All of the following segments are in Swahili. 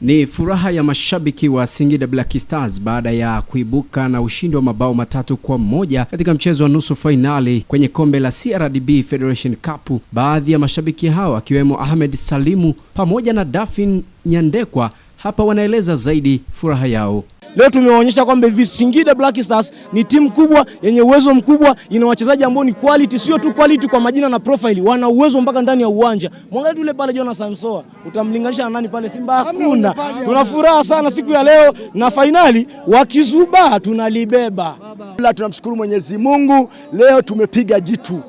Ni furaha ya mashabiki wa Singida Black Stars baada ya kuibuka na ushindi wa mabao matatu kwa moja katika mchezo wa nusu fainali kwenye kombe la CRDB Federation Cup. Baadhi ya mashabiki hao akiwemo Ahmed Salimu pamoja na Dafin Nyandekwa hapa wanaeleza zaidi furaha yao. Leo tumewaonyesha kwamba hivi Singida Black Stars ni timu kubwa yenye uwezo mkubwa, ina wachezaji ambao ni quality, sio tu quality kwa majina na profile, wana uwezo mpaka ndani ya uwanja. Mwangalie yule pale Jonas Ansoa, utamlinganisha na nani pale Simba? Hakuna. Tuna furaha sana siku ya leo na fainali, wakizubaa tunalibeba. Tunamshukuru Mwenyezi Mungu, leo tumepiga jitu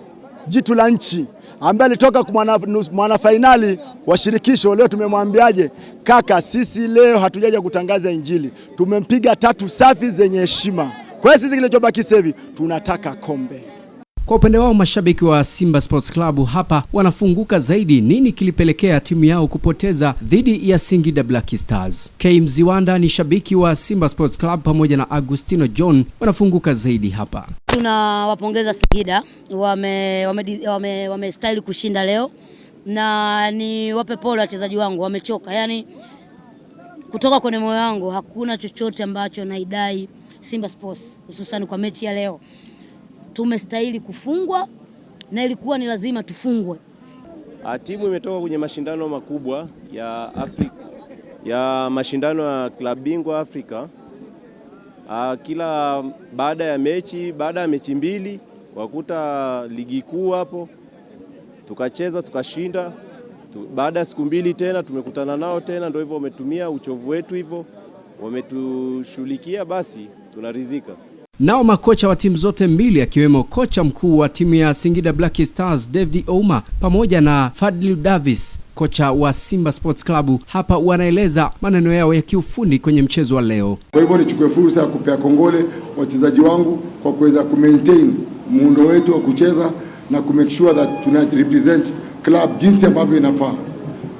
jitu la nchi ambaye alitoka mwanafainali wa shirikisho. Leo tumemwambiaje? Kaka, sisi leo hatujaja kutangaza Injili, tumempiga tatu safi zenye heshima. Kwa hiyo sisi kilichobaki sasa hivi tunataka kombe. Kwa upande wao mashabiki wa Simba Sports Club hapa wanafunguka zaidi. Nini kilipelekea timu yao kupoteza dhidi ya Singida Black Stars? K Mziwanda ni shabiki wa Simba Sports Club pamoja na Agustino John wanafunguka zaidi hapa. Tunawapongeza Singida, wame wamestahili wame, wame kushinda leo, na ni wape pole wachezaji wangu, wamechoka. Yani kutoka kwenye moyo wangu hakuna chochote ambacho naidai Simba Sports, hususani kwa mechi ya leo tumestahili kufungwa na ilikuwa ni lazima tufungwe. Ah, timu imetoka kwenye mashindano makubwa ya Afrika, ya mashindano ya klabu bingwa Afrika. Ah, kila baada ya mechi, baada ya mechi mbili wakuta ligi kuu hapo, tukacheza tukashinda. Baada ya siku mbili tena tumekutana nao tena, ndio hivyo wametumia uchovu wetu hivyo, wametushughulikia, basi tunaridhika. Nao makocha wa timu zote mbili akiwemo kocha mkuu wa timu ya Singida Black Stars David Ouma pamoja na Fadlu Davis kocha wa Simba Sports Club hapa wanaeleza maneno yao ya kiufundi kwenye mchezo wa leo. Kwa hivyo nichukue fursa ya kupea kongole wachezaji wangu kwa kuweza maintain muundo wetu wa kucheza na make sure that tuna represent club jinsi ambavyo inafaa.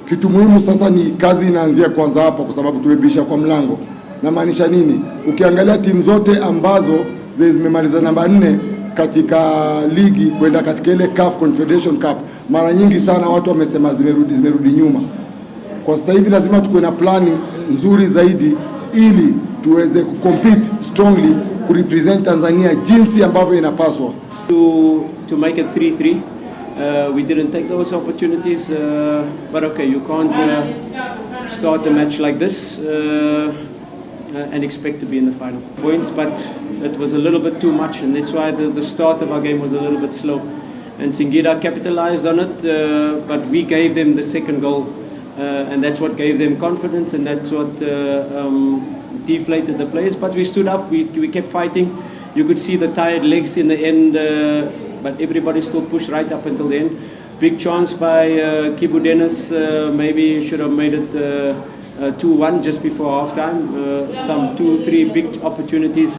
Kitu muhimu sasa ni kazi inaanzia kwanza hapa, kwa sababu tumebisha kwa mlango. Namaanisha nini? Ukiangalia timu zote ambazo zimemaliza namba nne katika ligi kwenda katika ile CAF Confederation Cup, mara nyingi sana watu wamesema zimerudi, zimerudi nyuma. Kwa sasa hivi lazima tukuwe na plani nzuri zaidi ili tuweze kucompete strongly kurepresent Tanzania jinsi ambavyo inapaswa to to make it 3-3 uh, we didn't take those opportunities uh, but okay you can't uh, start a match like this uh, Uh, and expect to be in the final points, but it was a little bit too much, and that's why the, the start of our game was a little bit slow. And Singida capitalized on it, uh, but we gave them the second goal, uh, and that's what gave them confidence, and that's what um, deflated the players. But we stood up, we, we kept fighting. You could see the tired legs in the end, but everybody still pushed right up until the end big chance by uh, Kibu Dennis. Uh, maybe should have made it uh, 2-1 uh, just before halftime. Uh, some two, three big opportunities